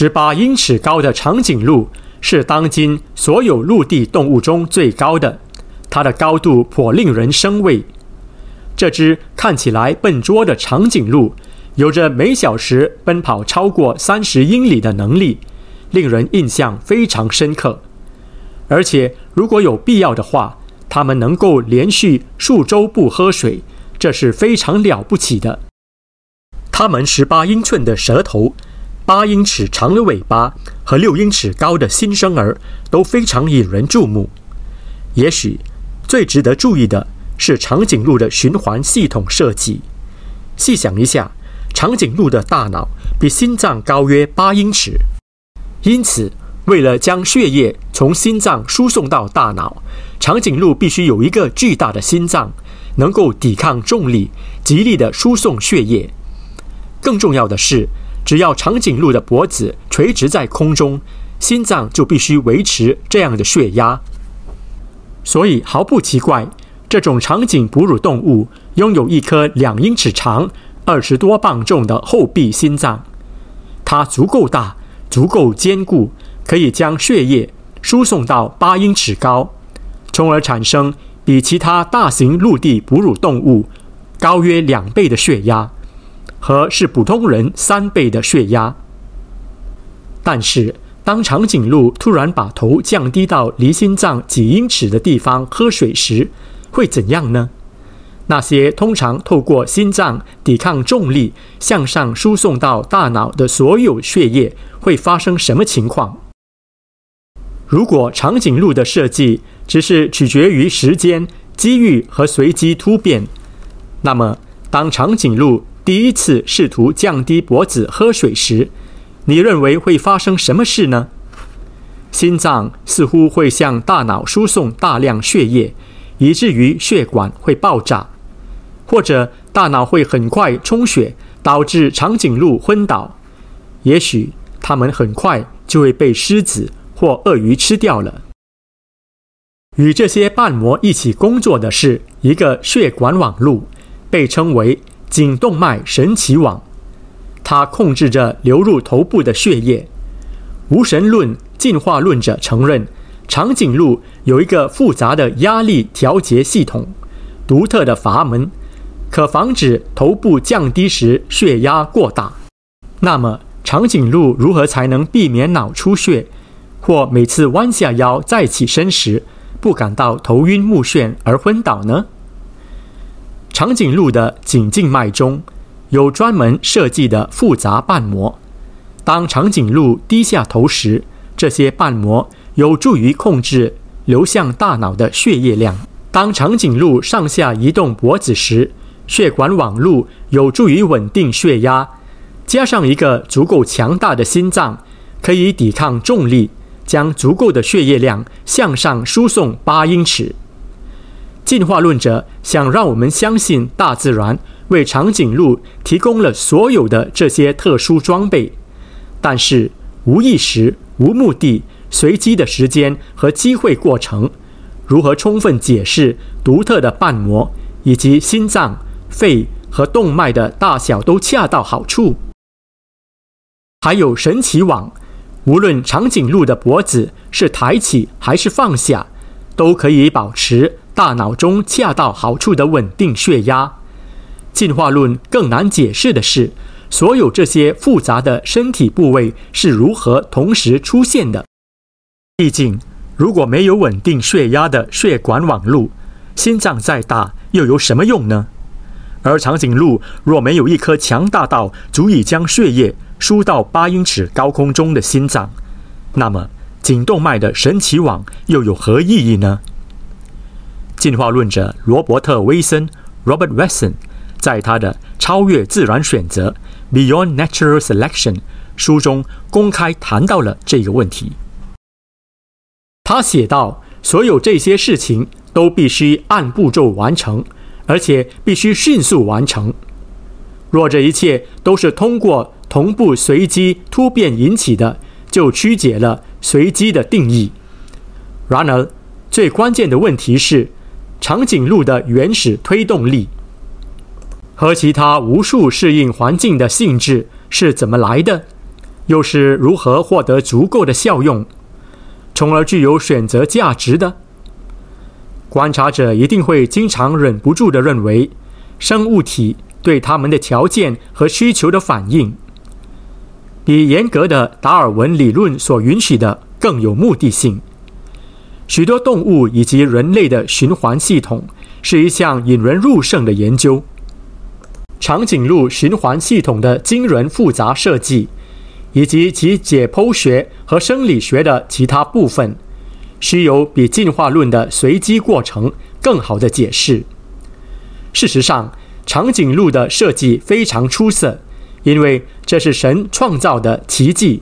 十八英尺高的長頸鹿是當今所有陸地動物中最高的，它的高度頗令人生畏。這隻看起來笨拙的長頸鹿，有着每小時奔跑超過三十英里的能力，令人印象非常深刻。而且，如果有必要的話，它們能夠連續數周不喝水，這是非常了不起的。它們十八英寸的舌頭。八英尺長的尾巴和六英尺高的新生兒都非常引人注目。也許最值得注意的是長頸鹿的循環系統設計。細想一下，長頸鹿的大腦比心臟高約八英尺，因此為了將血液從心臟輸送到大腦，長頸鹿必須有一個巨大的心臟，能夠抵抗重力，極力地輸送血液。更重要的是，只要長頸鹿的脖子垂直在空中，心臟就必須維持這樣的血壓。所以毫不奇怪，這種長頸哺乳動物擁有一顆兩英尺長、二十多磅重的厚壁心臟。它足夠大、足夠堅固，可以將血液輸送到八英尺高，從而產生比其他大型陸地哺乳動物高約兩倍的血壓。和是普通人三倍的血壓。但是，當長頸鹿突然把頭降低到離心臟幾英尺的地方喝水時，會怎樣呢？那些通常透過心臟抵抗重力向上輸送到大腦的所有血液會發生什麼情況？如果長頸鹿的設計只是取決於時間、機遇和隨機突變，那麼當長頸鹿……第一次試圖降低脖子喝水時，你認為會發生什麼事呢？心臟似乎會向大腦輸送大量血液，以至於血管會爆炸，或者大腦會很快充血，導致長頸鹿昏倒。也許它們很快就會被獅子或鱷魚吃掉了。與這些瓣膜一起工作的是一個血管網路，被稱為頸動脈神奇網，它控制着流入頭部的血液。無神論進化論者承認，長頸鹿有一個複雜的壓力調節系統，獨特的閥門，可防止頭部降低時血壓過大。那麼，長頸鹿如何才能避免腦出血，或每次彎下腰再起身時不感到頭暈目眩而昏倒呢？長頸鹿的頸靜脈中有專門設計的複雜瓣膜。當長頸鹿低下頭時，這些瓣膜有助於控制流向大腦的血液量。當長頸鹿上下移動脖子時，血管網絡有助於穩定血壓。加上一個足夠強大的心臟，可以抵抗重力，將足夠的血液量向上輸送八英尺。進化論者想讓我們相信，大自然為長頸鹿提供了所有的這些特殊裝備。但是，無意識、無目的、隨機的時間和機會過程，如何充分解釋獨特的瓣膜以及心臟、肺和動脈的大小都恰到好處？還有神奇網，無論長頸鹿的脖子是抬起還是放下，都可以保持。大腦中恰到好處的穩定血壓。進化論更難解釋的是，所有這些複雜的身體部位是如何同時出現的？畢竟，如果沒有穩定血壓的血管網路，心臟再大又有什麼用呢？而長頸鹿若沒有一顆強大到足以將血液輸到八英尺高空中的心臟，那麼頸動脈的神奇網又有何意義呢？進化論者羅伯特·威森 （Robert w e s s o n 在他的《超越自然選擇》（Beyond Natural Selection） 書中公開談到了這個問題。他寫道：“所有這些事情都必須按步驟完成，而且必須迅速完成。若這一切都是通過同步隨機突變引起的，就曲解了隨機的定義。然而，最關鍵的問題是。”長頸鹿的原始推動力和其他無數適應環境的性質是怎麼來的？又是如何獲得足夠的效用，從而具有選擇價值的？觀察者一定會經常忍不住地認為，生物體對它們的條件和需求的反應，比嚴格的達爾文理論所允許的更有目的性。許多動物以及人類的循環系統是一項引人入勝的研究。長頸鹿循環系統的驚人複雜設計，以及其解剖學和生理學的其他部分，需有比進化論的隨機過程更好的解釋。事實上，長頸鹿的設計非常出色，因為這是神創造的奇蹟。